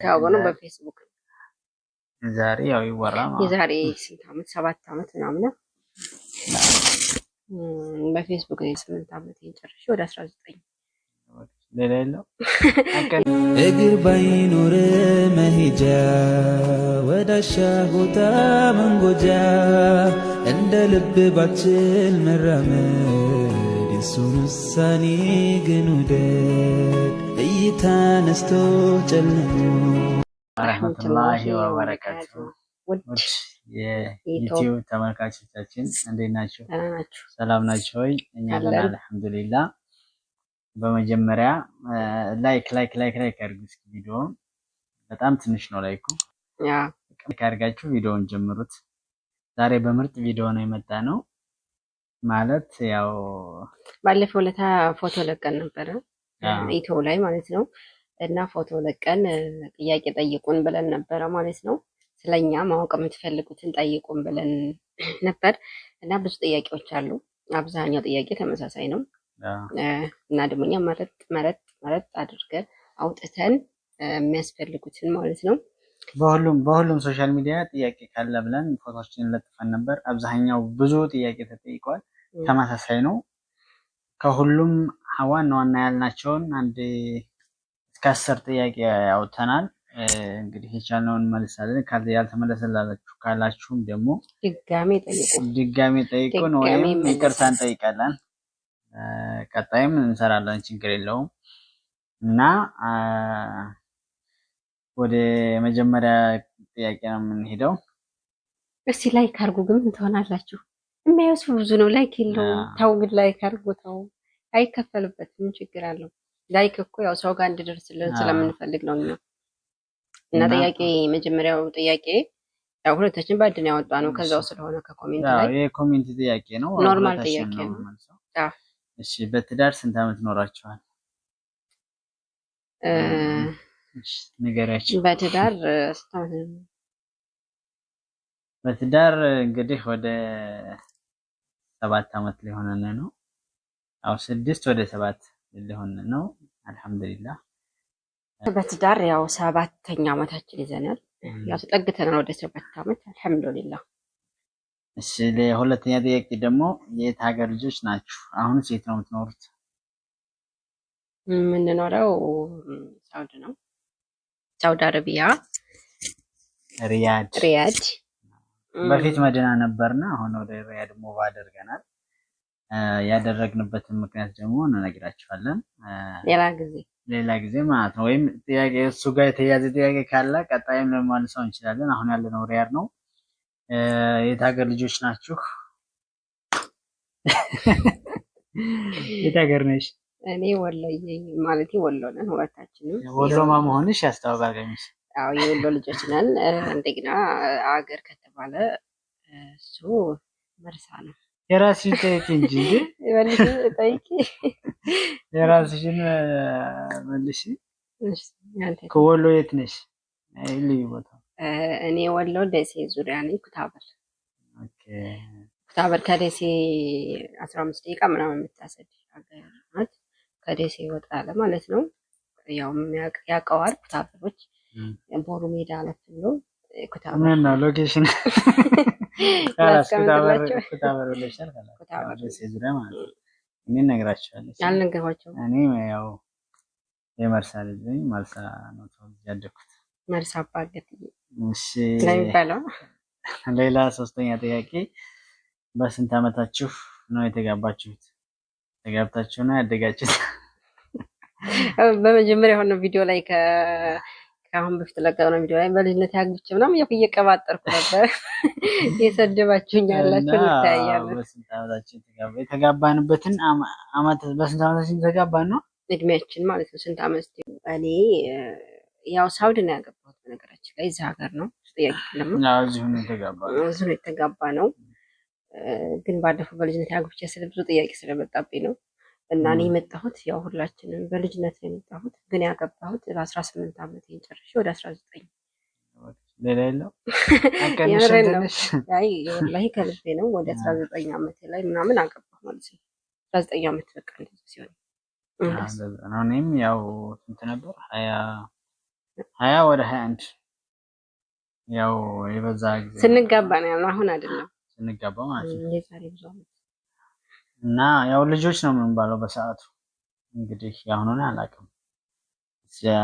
የተዋወቅነው በፌስቡክ ዛሬ ያው ይወራ የዛሬ ስንት ዓመት ሰባት ዓመት ምናምን በፌስቡክ ነው። የስምንት ዓመት የጨረሽ ወደ አስራ ዘጠኝ ሌላ የለው እግር ባይኖር መሄጃ ወዳሻ ቦታ መንጎጃ እንደ ልብ ባችል መራመድ የሱን ውሳኔ ግን ተነስቶ ጨልሞ ረህመቱላሂ ወበረካቱ። የዩቲዩብ ተመልካቾቻችን እንዴት ናቸው? ሰላም ናቸው ወይ? እኛ ደህና አልሐምዱሊላ። በመጀመሪያ ላይክ ላይክ ላይክ ላይክ አድርጉ እስኪ ቪዲዮውን። በጣም ትንሽ ነው ላይኩ። ላይክ አድርጋችሁ ቪዲዮውን ጀምሩት። ዛሬ በምርጥ ቪዲዮ ነው የመጣ ነው ማለት ያው ባለፈው ለታ ፎቶ ለቀን ነበረ ኢትዮ ላይ ማለት ነው። እና ፎቶ ለቀን ጥያቄ ጠይቁን ብለን ነበረ ማለት ነው። ስለኛ ማወቅ የምትፈልጉትን ጠይቁን ብለን ነበር። እና ብዙ ጥያቄዎች አሉ። አብዛኛው ጥያቄ ተመሳሳይ ነው። እና ደግሞ እኛ መረጥ መረጥ መረጥ አድርገን አውጥተን የሚያስፈልጉትን ማለት ነው። በሁሉም በሁሉም ሶሻል ሚዲያ ጥያቄ ካለ ብለን ፎቶችን ለጥፈን ነበር። አብዛኛው ብዙ ጥያቄ ተጠይቋል። ተመሳሳይ ነው። ከሁሉም ዋና ዋና ያልናቸውን አንድ እስከ አስር ጥያቄ ያውተናል። እንግዲህ የቻልነውን እንመልሳለን። ያልተመለሰ ላላችሁ ካላችሁም ደግሞ ድጋሜ ጠይቁን ወይም ይቅርታ እንጠይቃለን። ቀጣይም እንሰራለን፣ ችግር የለውም እና ወደ መጀመሪያ ጥያቄ ነው የምንሄደው። እስቲ ላይክ አድርጉ። ግን ምን ትሆናላችሁ? የሚያዩት ብዙ ነው። ላይክ የለውም። ተው ግን ላይክ አድርጎ ተው፣ አይከፈልበትም። ችግር አለው። ላይክ እኮ ያው ሰው ጋር እንድደርስልን ስለምንፈልግ ነው እና እና ጥያቄ የመጀመሪያው ጥያቄ ያው ሁለታችን በአድን ያወጣ ነው ከዛው ስለሆነ ከኮሜንት ላይ ይሄ ኮሜንት ጥያቄ ነው፣ ኖርማል ጥያቄ ነው። እሺ በትዳር ስንት አመት ኖራችኋል? ንገሪያቸው። በትዳር በትዳር እንግዲህ ወደ ሰባት ዓመት ሊሆነን ነው። አው ስድስት ወደ ሰባት ሊሆነ ነው። አልሐምዱሊላህ በትዳር ያው ሰባተኛ ዓመታችን ይዘናል። ያው ተጠግተናል ወደ ሰባት ዓመት አልሐምዱሊላህ። እሺ ለሁለተኛ ጥያቄ ደግሞ የት ሀገር ልጆች ናችሁ? አሁን የት ነው የምትኖሩት? የምንኖረው ሳውድ ነው፣ ሳውዲ አረቢያ ሪያድ ሪያድ በፊት መድና ነበርና አሁን ወደ ሪያድ ሙቭ አድርገናል። ያደረግንበትን ምክንያት ደግሞ እንነግራችኋለን ሌላ ጊዜ ሌላ ጊዜ ማለት ነው። ወይም ጥያቄ እሱ ጋር የተያዘ ጥያቄ ካለ ቀጣይም ልንመልሰው እንችላለን። አሁን ያለነው ሪያድ ነው። የት ሀገር ልጆች ናችሁ? የት ሀገር ነሽ? እኔ ወሎዬ ማለት ወሎ ነን ሁለታችንም። ወሎማ መሆንሽ ያስተዋወቀኝ። አዎ የወሎ ልጆች ነን። እንደገና አገር ከተ ከተባለ እሱ መርሳ ነው። የራስሽን ጠይቂ እንጂ ጠይቂ፣ የራስሽን መልሽ። ከወሎ የት ነሽ? ልዩ ቦታ እኔ ወሎ ደሴ ዙሪያ ነኝ። ኩታበር ኩታበር ከደሴ አስራ አምስት ደቂቃ ምናምን የምታሰድ ሀገር ናት። ከደሴ ወጣለ ማለት ነው። ያው ያውቀዋል ኩታበሮች ቦሩ ሜዳ አለፍ ብሎ ምነው ሎኬሽን የመርሳ ልጅ ነኝ። መርሳ ነው ተወልጄ ያደኩት። መርሳ አባገት ለሚባለው ሌላ ሶስተኛ ጥያቄ፣ በስንት ዓመታችሁ ነው የተጋባችሁት? ተጋብታችሁ ነው ያደጋችሁት? በመጀመሪያ የሆነው ቪዲዮ ላይ ከአሁን በፊት ለቀቅ ነው ቪዲዮ ላይ በልጅነት ያግብቼ ምናምን ያው እየቀባጠርኩ ነበር። የሰደባችሁኝ ያላችሁ እንታያለን። የተጋባንበትን አመት በስንት አመታችን የተጋባን ነው እድሜያችን ማለት ነው። ስንት አመት እኔ ያው ሳውዲ ነው ያገባሁት። በነገራችን ላይ እዚህ ሀገር ነው ጥያቄ የተጋባ ነው። ግን ባለፈው በልጅነት ያግብቼ ስለ ብዙ ጥያቄ ስለመጣብኝ ነው እና እኔ የመጣሁት ያው ሁላችንም በልጅነት ነው የመጣሁት፣ ግን ያገባሁት በአስራ ስምንት ዓመት ጨርሼ ወደ አስራ ዘጠኝ ሌላ የለው ወላሂ ከልቤ ነው። ወደ አስራ ዘጠኝ ዓመት ላይ ምናምን አገባሁ ማለት ነው። አስራ ዘጠኝ ዓመት በቃ እንደዚ ሲሆን እኔም ያው ስንት ነበር ሀያ ሀያ ወደ ሀያ አንድ ያው የበዛ ጊዜ ስንጋባ ነው ያልነው። አሁን አይደለም ስንጋባ ማለት ነው የዛሬ ብዙ ዓመት እና ያው ልጆች ነው የምንባለው በሰዓቱ እንግዲህ የአሁኑን አላውቅም።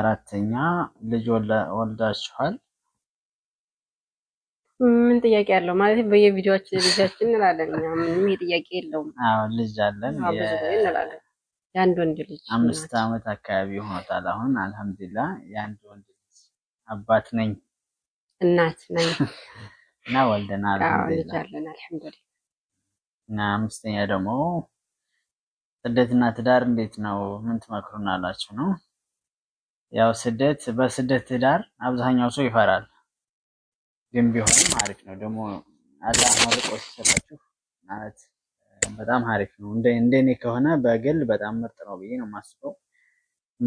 አራተኛ ልጅ ወልዳችኋል? ምን ጥያቄ አለው ማለት በየቪዲዮችን ልጃችን እንላለን። ምንም የጥያቄ የለውም። አዎ ልጅ አለን እንላለን። የአንድ ወንድ ልጅ አምስት ዓመት አካባቢ ሆኖታል። አሁን አልሐምዱሊላ የአንድ ወንድ ልጅ አባት ነኝ እናት ነኝ እና ወልደናል። ልጅ አለን አልሐምዱሊላ እና አምስተኛ ደግሞ ስደትና ትዳር እንዴት ነው? ምን ትመክሩን አላችሁ ነው። ያው ስደት በስደት ትዳር አብዛኛው ሰው ይፈራል፣ ግን ቢሆንም አሪፍ ነው። ደግሞ አላህ መርቆ ሲሰጣችሁ ማለት በጣም አሪፍ ነው። እንደኔ ከሆነ በግል በጣም ምርጥ ነው ብዬ ነው የማስበው።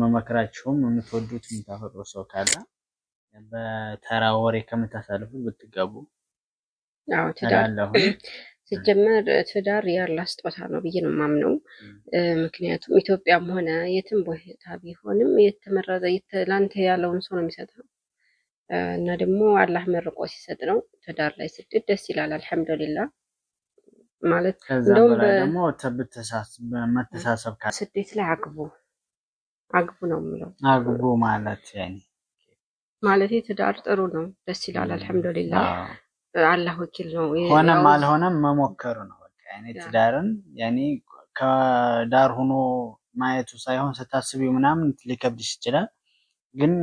መመክራችሁም የምትወዱት የምታፈቅሩ ሰው ካለ በተራ ወሬ ከምታሳልፉ ብትገቡ ሲጀመር ትዳር የአላህ ስጦታ ነው ብዬ ነው የማምነው። ምክንያቱም ኢትዮጵያም ሆነ የትም ቦታ ቢሆንም የተመረጠ ለአንተ ያለውን ሰው ነው የሚሰጠው እና ደግሞ አላህ መርቆ ሲሰጥ ነው። ትዳር ላይ ስድድ ደስ ይላል። አልሐምዱሊላ ማለት እንደውም ደግሞ መተሳሰብ ስደት ላይ አግቡ አግቡ ነው የምለው። አግቡ ማለት ማለት ትዳር ጥሩ ነው፣ ደስ ይላል። አልሐምዱሊላ አላህ ወኪል ነው። ሆነም አልሆነም መሞከሩ ነው። በቃ ያኔ ትዳርን ያኔ ከዳር ሆኖ ማየቱ ሳይሆን ስታስቢው ምናምን ሊከብድሽ ይችላል። ግን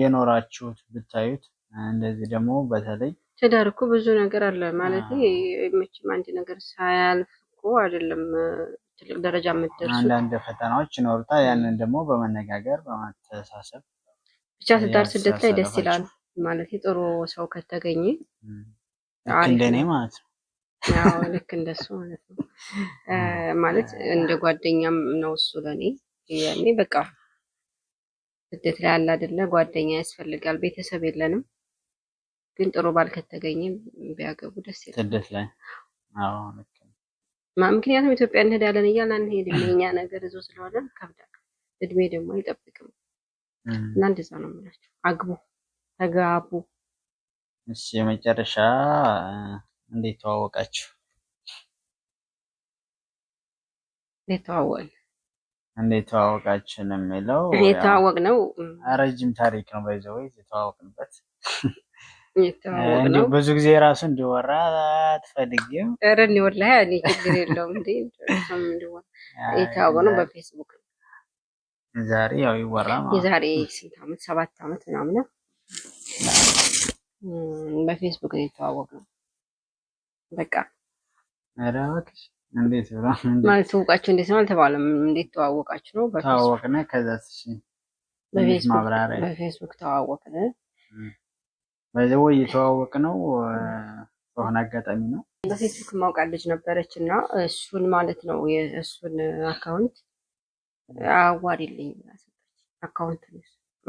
የኖራችሁት ብታዩት እንደዚህ ደግሞ በተለይ ትዳር እኮ ብዙ ነገር አለ ማለት መቼም አንድ ነገር ሳያልፍ እኮ አይደለም ትልቅ ደረጃ የምትደርሱ። አንዳንድ ፈተናዎች ይኖሩታል። ያንን ደግሞ በመነጋገር በማተሳሰብ ብቻ ትዳር ስደት ላይ ደስ ይላል ማለት ጥሩ ሰው ከተገኘ እንደኔ ማለት ነው። ያው ልክ እንደሱ ማለት ነው። ማለት እንደ ጓደኛም ነው እሱ ለኔ። ያኔ በቃ ስደት ላይ አለ አይደለ ጓደኛ ያስፈልጋል። ቤተሰብ የለንም፣ ግን ጥሩ ባል ከተገኘ ቢያገቡ ደስ ይላል። ስደት ላይ አዎ፣ ልክ ምክንያቱም ኢትዮጵያ እንሄዳለን እያልን አንሄድም። የእኛ ነገር ይዞ ስለሆነ ከብዳል። እድሜ ደግሞ አይጠብቅም እና እንደዛ ነው የምላቸው። አግቡ፣ ተጋቡ እሺ የመጨረሻ እንዴት ተዋወቃችሁ? እንዴት ተዋወቅን? እንዴት ተዋወቃችሁ ነው የሚለው። ነው ረጅም ታሪክ ነው። ባይዘው የተዋወቅንበት እንዲሁ ብዙ ጊዜ ራሱ እንዲወራ አትፈልጊም? ኧረ እኔ ወላሂ እኔ ችግር የለውም እንዴ የተዋወቅነው በፌስቡክ ነው። ዛሬ ያው ይወራ የዛሬ ስንት ዓመት ሰባት ዓመት ምናምን በፌስቡክ ነው የተዋወቅነው። በቃ ኧረ እባክሽ እንዴት ማለት ትውቃችሁ እንዴት ነው አልተባለም። እንዴት ተዋወቃችሁ ነው ተዋወቅነ። ከዛ በፌስቡክ ተዋወቅነ። በዚያው እየተዋወቅ ነው በሆነ አጋጣሚ ነው። በፌስቡክ ማውቃት ልጅ ነበረች እና እሱን ማለት ነው የእሱን አካውንት አዋሪልኝ አካውንት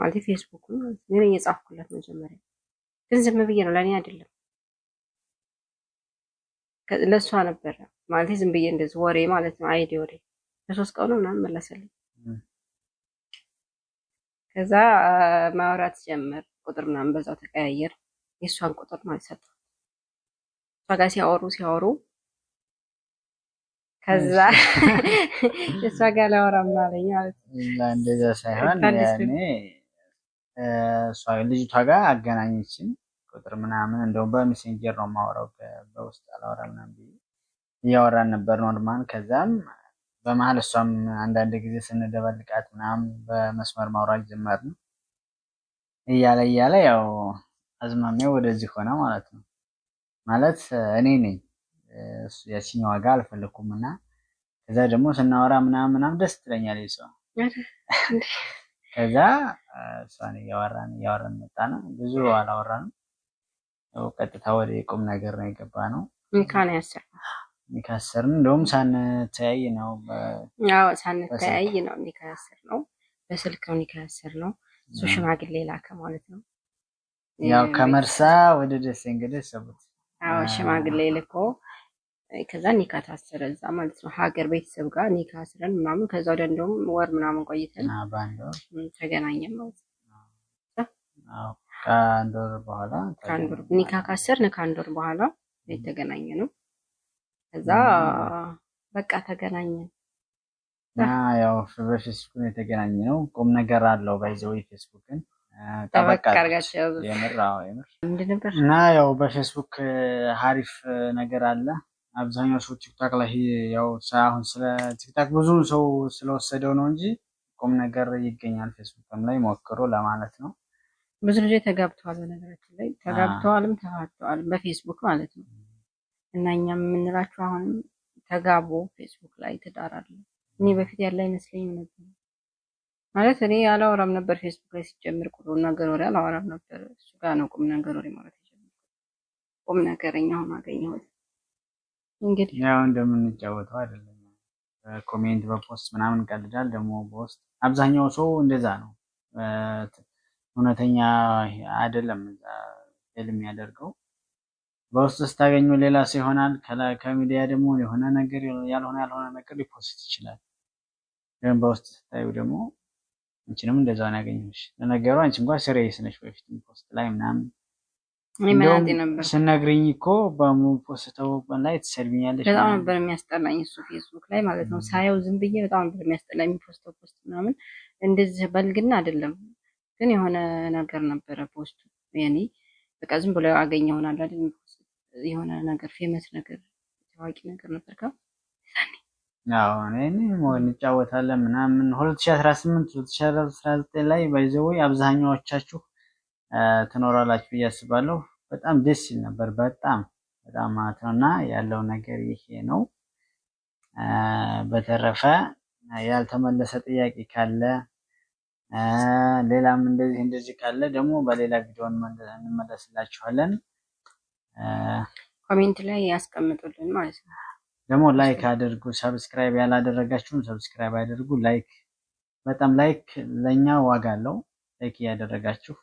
ማለት ፌስቡክ ነው። እየጻፍኩላት መጀመሪያ ግን ዝም ብዬ ነው፣ ለእኔ አይደለም ለእሷ ነበረ ማለት ዝም ብዬ እንደዚህ ወሬ ማለት ነው። አይዲ ወሬ ለሶስት ቀኑ ምናምን መለሰልኝ። ከዛ ማውራት ጀመር፣ ቁጥር ምናምን በዛው ተቀያየር። የእሷን ቁጥር ማለት የሰጠው እሷ ጋር ሲያወሩ ሲያወሩ ከዛ እሷ ጋር ላወራም አለኝ ማለት እንደዛ ሳይሆን ያኔ እሷ ልጅቷ ጋር አገናኘችን። ቁጥር ምናምን እንደውም በሜሴንጀር ነው የማወራው በውስጥ አላወራም እያወራን ነበር ኖርማል። ከዛም በመሀል እሷም አንዳንድ ጊዜ ስንደበልቃት ምናምን በመስመር ማውራት ጀመርን። እያለ እያለ ያው አዝማሚያው ወደዚህ ሆነ ማለት ነው። ማለት እኔ ነኝ ያቺኛዋ ዋጋ አልፈልኩም እና ከዛ ደግሞ ስናወራ ምናምን ምናምን ደስ ትለኛል ሰው ከዛ እሷን እያወራን እያወራን ነው ብዙ አላወራንም። ያው ቀጥታ ወደ ቁም ነገር ነው የገባ ነው። ሚካን ያሰር ሚካ ያሰር እንደውም ሳንተያይ ነው። አዎ ሳንተያይ ነው ሚካ ያሰር ነው። በስልክ ነው ሚካ ያሰር ነው። እሱ ሽማግሌ ላከ ማለት ነው። ያው ከመርሳ ወደ ደሴ እንግዲህ ሰቡት። አዎ ሽማግሌ ልኮ ከዛ ኒካ ታሰረ እዛ ማለት ነው። ሀገር ቤተሰብ ጋር ኒካ አስረን ምናምን ከዛ ወደ እንደውም ወር ምናምን ቆይተን ተገናኘን ማለት ነው። ከአንድ ወር በኋላ ከአንድ ወር ኒካ ካሰርን ከአንድ ወር በኋላ የተገናኘ ነው። ከዛ በቃ ተገናኘን። ያው በፌስቡክ የተገናኘ ነው። ቁም ነገር አለው ባይዘው ፌስቡክን ጠበቅ አድርጋችሁ ያዙት። የምር ምንድን ነበር እና ያው በፌስቡክ ሀሪፍ ነገር አለ። አብዛኛው ሰው ቲክታክ ላይ ያው አሁን ስለ ቲክታክ ብዙ ሰው ስለወሰደው ነው እንጂ ቁም ነገር ይገኛል ፌስቡክም ላይ ሞክሮ ለማለት ነው። ብዙ ልጆች ተጋብተዋል። በነገራችን ላይ ተጋብተዋልም ተፋተዋልም በፌስቡክ ማለት ነው። እና እኛም የምንላቸው አሁንም ተጋቦ ፌስቡክ ላይ ትዳር አለ። እኔ በፊት ያለ አይመስለኝም ነበር ማለት እኔ አላወራም ነበር ፌስቡክ ላይ ሲጀምር፣ ቁም ነገር ወሬ አላወራም ነበር። እሱ ጋር ነው ቁም ነገር ወሬ ማለት ቁም ነገረኛ ሆኖ አገኘሁት። እንግዲህ ያው እንደምንጫወተው አይደለም። ኮሜንት በፖስት ምናምን ቀልዳል። ደግሞ በውስጥ አብዛኛው ሰው እንደዛ ነው እውነተኛ አይደለም ፌል ያደርገው በውስጥ ስታገኙ ሌላ ሰው ይሆናል። ከሚዲያ ደግሞ የሆነ ነገር ያልሆነ ያልሆነ ነገር ሊፖስት ይችላል። ግን በውስጥ ስታዩ ደግሞ አንቺንም እንደዛ ነው ያገኘሽ። ለነገሩ አንቺ እንኳን ሲሪየስ ነሽ በፊት ፖስት ላይ ምናምን ስነግርኝ እኮ በሙፖስተው ላይ ትሰድብኛለሽ። በጣም ነበር የሚያስጠላኝ እሱ ፌስቡክ ላይ ማለት ነው ሳየው ዝም ብዬ በጣም ነበር የሚያስጠላኝ የሚፖስተው ፖስት ምናምን እንደዚህ በልግና አይደለም ግን የሆነ ነገር ነበረ ፖስቱ ያኔ በቃ ዝም ብሎ አገኘውን አለ የሆነ ነገር ፌመስ ነገር ታዋቂ ነገር ነበር ከ እንጫወታለን ምናምን 2018 2019 ላይ ባይዘወይ አብዛኛዎቻችሁ ትኖራላችሁ ብዬ አስባለሁ። በጣም ደስ ይል ነበር። በጣም በጣም ማለት ነው እና ያለው ነገር ይሄ ነው። በተረፈ ያልተመለሰ ጥያቄ ካለ ሌላም እንደዚህ እንደዚህ ካለ ደግሞ በሌላ ቪዲዮ እንመለስላችኋለን። ኮሜንት ላይ ያስቀምጡልን ማለት ነው። ደግሞ ላይክ አድርጉ። ሰብስክራይብ ያላደረጋችሁም ሰብስክራይብ አድርጉ። ላይክ በጣም ላይክ ለእኛ ዋጋ አለው። ላይክ እያደረጋችሁ